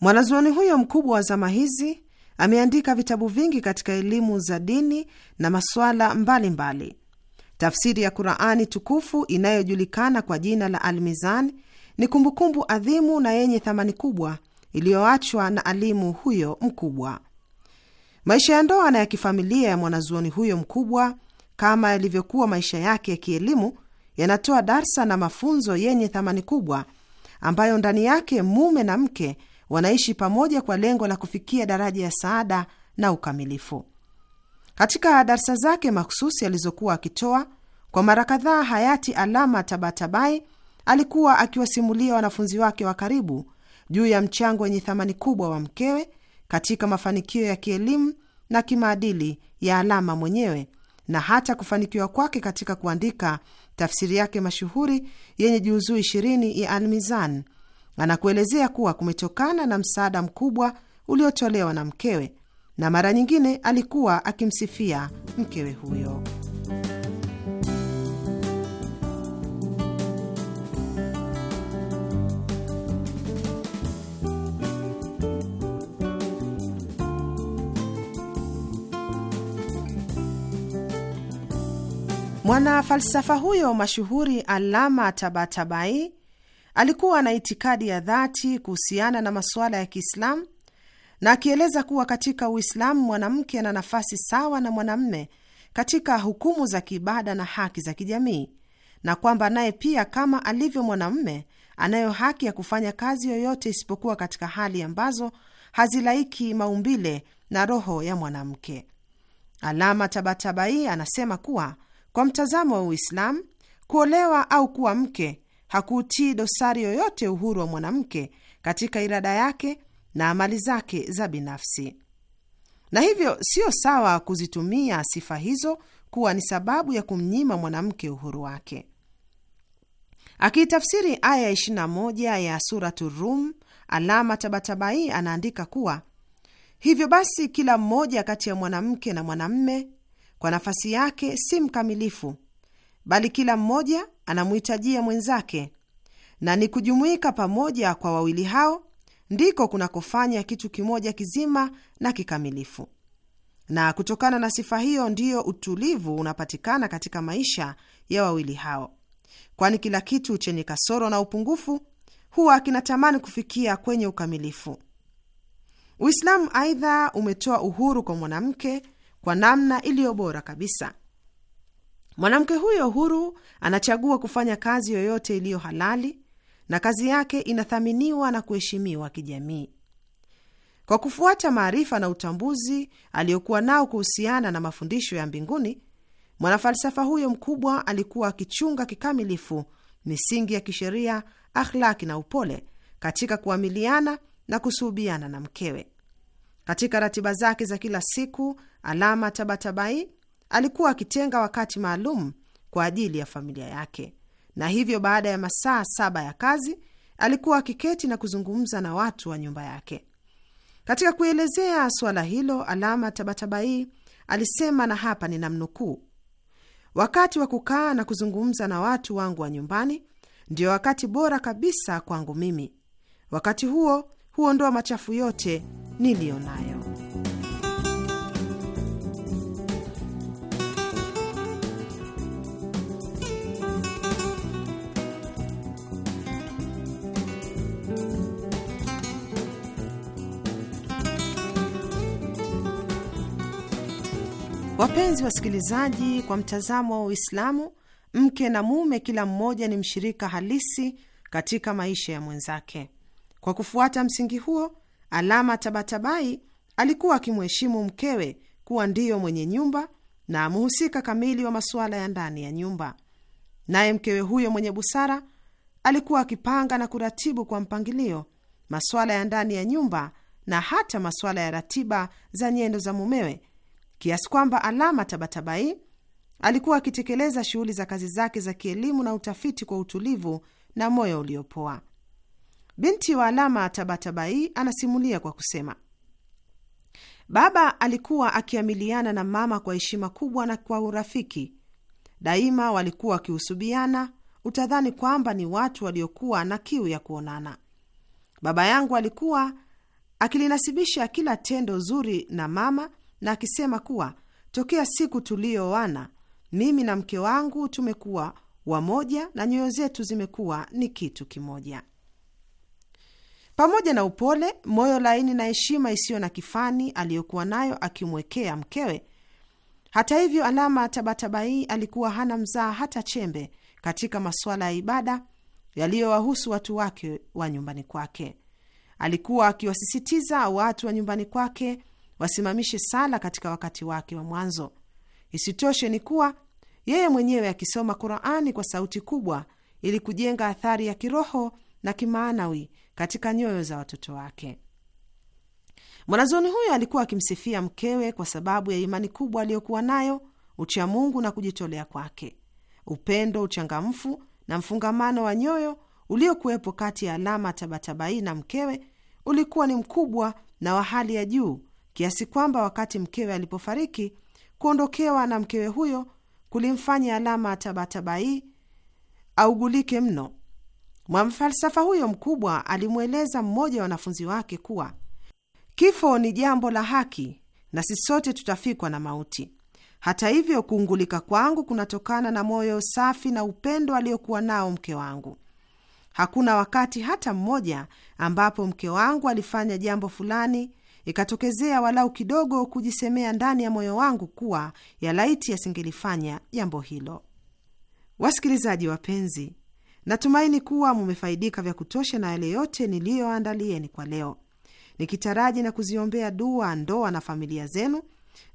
S4: Mwanazuoni huyo mkubwa wa zama hizi ameandika vitabu vingi katika elimu za dini na masuala mbalimbali. Tafsiri ya Qurani tukufu inayojulikana kwa jina la Almizan ni kumbukumbu adhimu na yenye thamani kubwa iliyoachwa na alimu huyo mkubwa. Maisha ya ndoa na ya kifamilia ya mwanazuoni huyo mkubwa, kama yalivyokuwa maisha yake ya kielimu, yanatoa darsa na mafunzo yenye thamani kubwa ambayo ndani yake mume na mke wanaishi pamoja kwa lengo la kufikia daraja ya saada na ukamilifu. Katika darsa zake makhususi alizokuwa akitoa kwa mara kadhaa, hayati Alama Tabatabai alikuwa akiwasimulia wanafunzi wake wa karibu juu ya mchango wenye thamani kubwa wa mkewe katika mafanikio ya kielimu na kimaadili ya Alama mwenyewe na hata kufanikiwa kwake katika kuandika tafsiri yake mashuhuri yenye juzuu ishirini ya Almizan Anakuelezea kuwa kumetokana na msaada mkubwa uliotolewa na mkewe, na mara nyingine alikuwa akimsifia mkewe huyo. Mwanafalsafa huyo mashuhuri Alama Tabatabai Alikuwa na itikadi ya dhati kuhusiana na masuala ya Kiislamu na akieleza kuwa katika Uislamu mwanamke ana nafasi sawa na mwanamme katika hukumu za kiibada na haki za kijamii, na kwamba naye pia kama alivyo mwanamme anayo haki ya kufanya kazi yoyote isipokuwa katika hali ambazo hazilaiki maumbile na roho ya mwanamke. Alama Tabatabai anasema kuwa kwa mtazamo wa Uislamu, kuolewa au kuwa mke hakutii dosari yoyote uhuru wa mwanamke katika irada yake na amali zake za binafsi, na hivyo siyo sawa kuzitumia sifa hizo kuwa ni sababu ya kumnyima mwanamke uhuru wake. Akiitafsiri aya 21 ya Suratu Rum, Alama Tabatabai anaandika kuwa hivyo basi, kila mmoja kati ya mwanamke na mwanamme kwa nafasi yake si mkamilifu, bali kila mmoja anamhitajia mwenzake, na ni kujumuika pamoja kwa wawili hao ndiko kunakofanya kitu kimoja kizima na kikamilifu. Na kutokana na sifa hiyo, ndiyo utulivu unapatikana katika maisha ya wawili hao, kwani kila kitu chenye kasoro na upungufu huwa kinatamani kufikia kwenye ukamilifu. Uislamu aidha umetoa uhuru kwa mwanamke kwa namna iliyo bora kabisa. Mwanamke huyo huru anachagua kufanya kazi yoyote iliyo halali na kazi yake inathaminiwa na kuheshimiwa kijamii. Kwa kufuata maarifa na utambuzi aliyokuwa nao kuhusiana na mafundisho ya mbinguni, mwanafalsafa huyo mkubwa alikuwa akichunga kikamilifu misingi ya kisheria, akhlaki na upole katika kuamiliana na kusuhubiana na mkewe. Katika ratiba zake za kila siku, Alama Tabatabai alikuwa akitenga wakati maalum kwa ajili ya familia yake, na hivyo baada ya masaa saba ya kazi alikuwa akiketi na kuzungumza na watu wa nyumba yake. Katika kuelezea suala hilo, Alama Tabatabai alisema, na hapa ni namnukuu wakati wa kukaa na kuzungumza na watu wangu wa nyumbani ndio wakati bora kabisa kwangu mimi. Wakati huo huondoa machafu yote niliyo nayo. Wapenzi wasikilizaji, kwa mtazamo wa Uislamu, mke na mume kila mmoja ni mshirika halisi katika maisha ya mwenzake. Kwa kufuata msingi huo, Alama Tabatabai alikuwa akimheshimu mkewe kuwa ndiyo mwenye nyumba na mhusika kamili wa masuala ya ndani ya nyumba. Naye mkewe huyo mwenye busara alikuwa akipanga na kuratibu kwa mpangilio masuala ya ndani ya nyumba na hata masuala ya ratiba za nyendo za mumewe kiasi kwamba Alama Tabatabai alikuwa akitekeleza shughuli za kazi zake za kielimu na utafiti kwa utulivu na moyo uliopoa. Binti wa Alama Tabatabai anasimulia kwa kusema, baba alikuwa akiamiliana na mama kwa heshima kubwa na kwa urafiki daima. Walikuwa wakihusubiana, utadhani kwamba ni watu waliokuwa na kiu ya kuonana. Baba yangu alikuwa akilinasibisha kila tendo zuri na mama na akisema kuwa tokea siku tuliyoana mimi na mke wangu tumekuwa wamoja na nyoyo zetu zimekuwa ni kitu kimoja. Pamoja na upole, moyo laini na heshima isiyo na kifani aliyokuwa nayo akimwekea mkewe, hata hivyo, Alama Tabatabai alikuwa hana mzaa hata chembe katika masuala ya ibada yaliyowahusu watu wake wa nyumbani kwake. Alikuwa akiwasisitiza watu wa nyumbani kwake wasimamishe sala katika wakati wake wa mwanzo. Isitoshe ni kuwa yeye mwenyewe akisoma Qurani kwa sauti kubwa ili kujenga athari ya kiroho na kimaanawi katika nyoyo za watoto wake. mwanazoni huyo alikuwa akimsifia mkewe kwa sababu ya imani kubwa aliyokuwa nayo, uchamungu na kujitolea kwake, upendo, uchangamfu na mfungamano wa nyoyo uliokuwepo kati ya Alama Tabatabai na mkewe ulikuwa ni mkubwa na wa hali ya juu kiasi kwamba wakati mkewe alipofariki, kuondokewa na mkewe huyo kulimfanya alama Tabatabai augulike mno. mwamfalsafa huyo mkubwa alimweleza mmoja wa wanafunzi wake kuwa kifo ni jambo la haki na sisi sote tutafikwa na mauti. Hata hivyo, kuungulika kwangu kunatokana na moyo safi na upendo aliokuwa nao mke wangu. Hakuna wakati hata mmoja ambapo mke wangu alifanya jambo fulani ikatokezea walau kidogo kujisemea ndani ya moyo wangu kuwa laiti yasingelifanya jambo hilo. Wasikilizaji wapenzi, natumaini kuwa mumefaidika vya kutosha na yale yote niliyoandalieni kwa leo, nikitaraji na kuziombea dua ndoa na familia zenu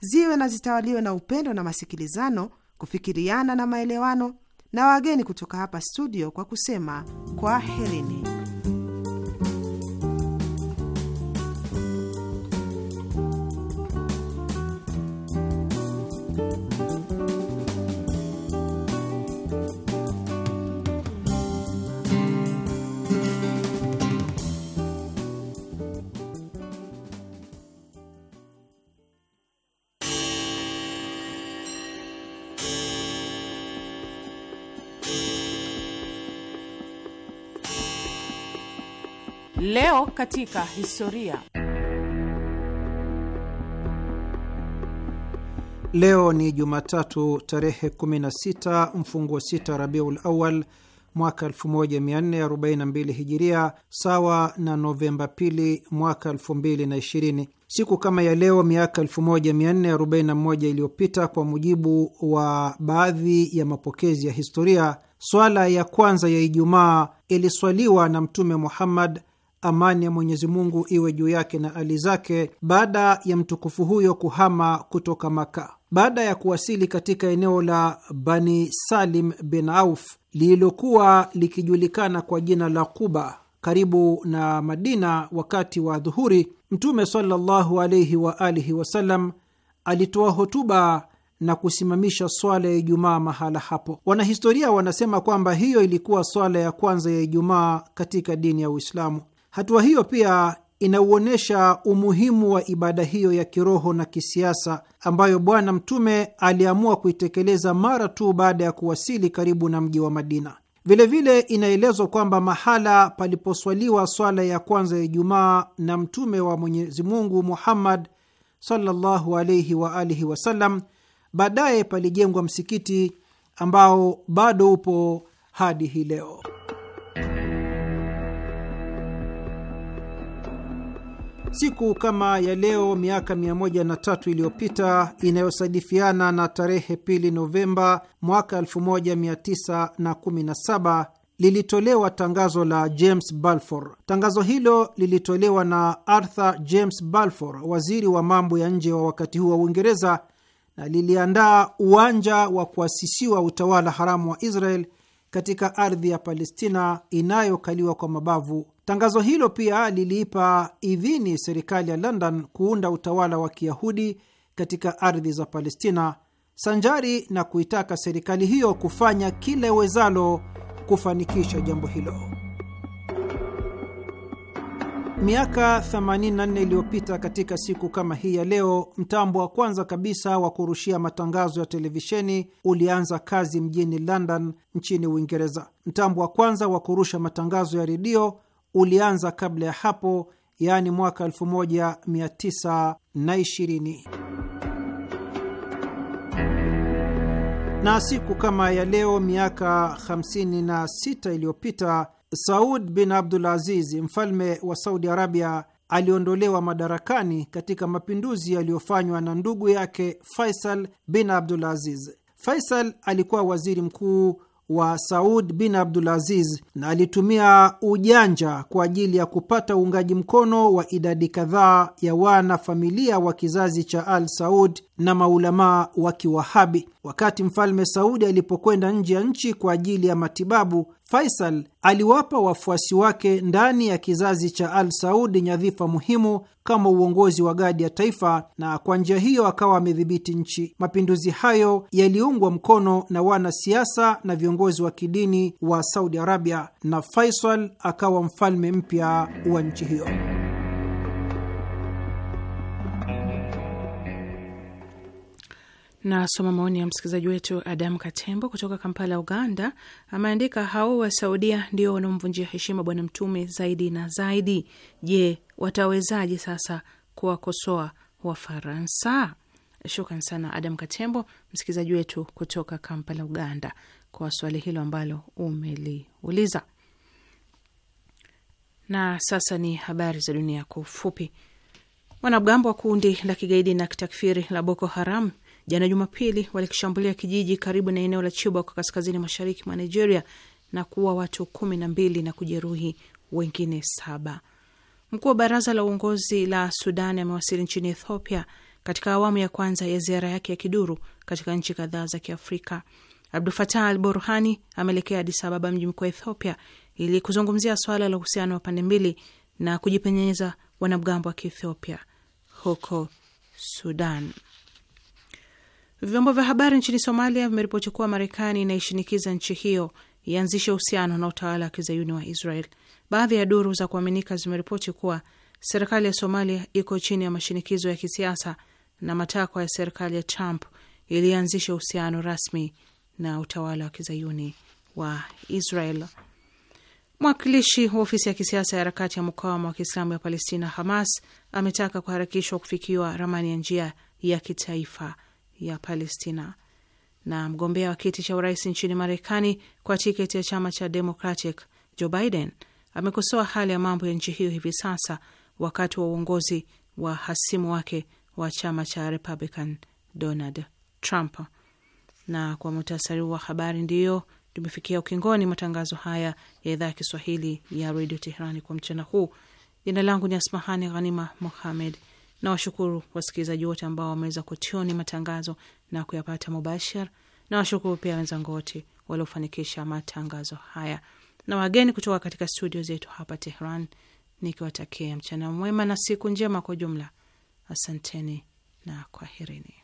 S4: ziwe na zitawaliwe na upendo na masikilizano, kufikiriana na maelewano, na wageni kutoka hapa studio kwa kusema herini.
S3: Leo katika historia.
S5: Leo ni Jumatatu tarehe 16 mfunguo sita Rabiul Awal mwaka 1442 Hijiria, sawa na Novemba 2 mwaka 2020. Siku kama ya leo miaka 1441 iliyopita, kwa mujibu wa baadhi ya mapokezi ya historia, swala ya kwanza ya Ijumaa iliswaliwa na Mtume Muhammad amani ya Mwenyezi Mungu iwe juu yake na ali zake, baada ya mtukufu huyo kuhama kutoka Maka. Baada ya kuwasili katika eneo la Bani Salim bin Auf lililokuwa likijulikana kwa jina la Quba karibu na Madina, wakati wa dhuhuri, Mtume sallallahu alaihi wa alihi wasallam alitoa hotuba na kusimamisha swala ya Ijumaa mahala hapo. Wanahistoria wanasema kwamba hiyo ilikuwa swala ya kwanza ya Ijumaa katika dini ya Uislamu. Hatua hiyo pia inauonyesha umuhimu wa ibada hiyo ya kiroho na kisiasa ambayo Bwana Mtume aliamua kuitekeleza mara tu baada ya kuwasili karibu na mji wa Madina. Vilevile inaelezwa kwamba mahala paliposwaliwa swala ya kwanza ya Ijumaa na Mtume wa Mwenyezi Mungu Muhammad sallallahu alaihi wa alihi wasallam, baadaye palijengwa msikiti ambao bado upo hadi hii leo. Siku kama ya leo miaka 103 iliyopita inayosadifiana na tarehe pili Novemba mwaka 1917 lilitolewa tangazo la James Balfour. Tangazo hilo lilitolewa na Arthur James Balfour, waziri wa mambo ya nje wa wakati huo wa Uingereza, na liliandaa uwanja wa kuasisiwa utawala haramu wa Israel katika ardhi ya Palestina inayokaliwa kwa mabavu Tangazo hilo pia liliipa idhini serikali ya London kuunda utawala wa Kiyahudi katika ardhi za Palestina, sanjari na kuitaka serikali hiyo kufanya kila wezalo kufanikisha jambo hilo. Miaka 84 iliyopita katika siku kama hii ya leo, mtambo wa kwanza kabisa wa kurushia matangazo ya televisheni ulianza kazi mjini London nchini Uingereza. Mtambo wa kwanza wa kurusha matangazo ya redio ulianza kabla ya hapo, yaani mwaka 1920 na siku kama ya leo miaka 56 iliyopita Saud bin Abdul Aziz, mfalme wa Saudi Arabia, aliondolewa madarakani katika mapinduzi yaliyofanywa na ndugu yake Faisal bin Abdul Aziz. Faisal alikuwa waziri mkuu wa Saud bin abdul aziz na alitumia ujanja kwa ajili ya kupata uungaji mkono wa idadi kadhaa ya wana familia wa kizazi cha Al Saud na maulamaa wa Kiwahabi. Wakati mfalme Saudi alipokwenda nje ya nchi kwa ajili ya matibabu Faisal aliwapa wafuasi wake ndani ya kizazi cha Al Saudi nyadhifa muhimu kama uongozi wa gadi ya taifa, na kwa njia hiyo akawa amedhibiti nchi. Mapinduzi hayo yaliungwa mkono na wanasiasa na viongozi wa kidini wa Saudi Arabia, na Faisal akawa mfalme mpya wa nchi hiyo. Nasoma
S3: maoni ya msikilizaji wetu adamu Katembo kutoka Kampala, Uganda. Ameandika, hao wa Saudia ndio wanaomvunjia heshima Bwana Mtume zaidi na zaidi. Je, watawezaje sasa kuwakosoa Wafaransa? Shukran sana Adam Katembo, msikilizaji wetu kutoka Kampala, Uganda, kwa swali hilo ambalo umeliuliza. Na sasa ni habari za dunia kwa ufupi. Wanamgambo wa kundi la kigaidi na kitakfiri la Boko Haram Jana Jumapili walikishambulia kijiji karibu na eneo la Chibok kaskazini mashariki mwa Nigeria na kuua watu kumi na mbili na kujeruhi wengine saba. Mkuu wa baraza la uongozi la Sudan amewasili nchini Ethiopia katika awamu ya kwanza ya ziara yake ya kiduru katika nchi kadhaa za Kiafrika. abdu Fatah al Burhani ameelekea Adis Ababa, mji mkuu wa Ethiopia, ili kuzungumzia swala la uhusiano wa pande mbili na kujipenyeza wanamgambo wa Kiethiopia huko Sudan. Vyombo vya habari nchini Somalia vimeripoti kuwa Marekani inaishinikiza nchi hiyo ianzishe uhusiano na utawala wa kizayuni wa Israel. Baadhi ya duru za kuaminika zimeripoti kuwa serikali ya Somalia iko chini ya mashinikizo ya kisiasa na matakwa ya serikali ya Trump ilianzisha uhusiano rasmi na utawala wa kizayuni wa Israel. Mwakilishi wa ofisi ya kisiasa ya harakati ya mukawama wa kiislamu ya Palestina, Hamas, ametaka kuharakishwa kufikiwa ramani ya njia ya kitaifa ya Palestina. Na mgombea wa kiti cha urais nchini Marekani kwa tiketi ya chama cha Democratic, Joe Biden amekosoa hali ya mambo ya nchi hiyo hivi sasa wakati wa uongozi wa hasimu wake wa chama cha Republican, Donald Trump. Na kwa muhtasari wa habari, ndiyo tumefikia ukingoni matangazo haya ya idhaa ya Kiswahili ya redio Teherani kwa mchana huu. Jina langu ni Asmahani Ghanima Mohamed. Nawashukuru wasikilizaji wote ambao wameweza kutioni matangazo na kuyapata na Nawashukuru pia wenzangu wote waliofanikisha matangazo haya na wageni kutoka katika studio zetu hapa Tehran, nikiwatakia mchana mwema na siku njema kwa jumla. Asanteni na kwaherini.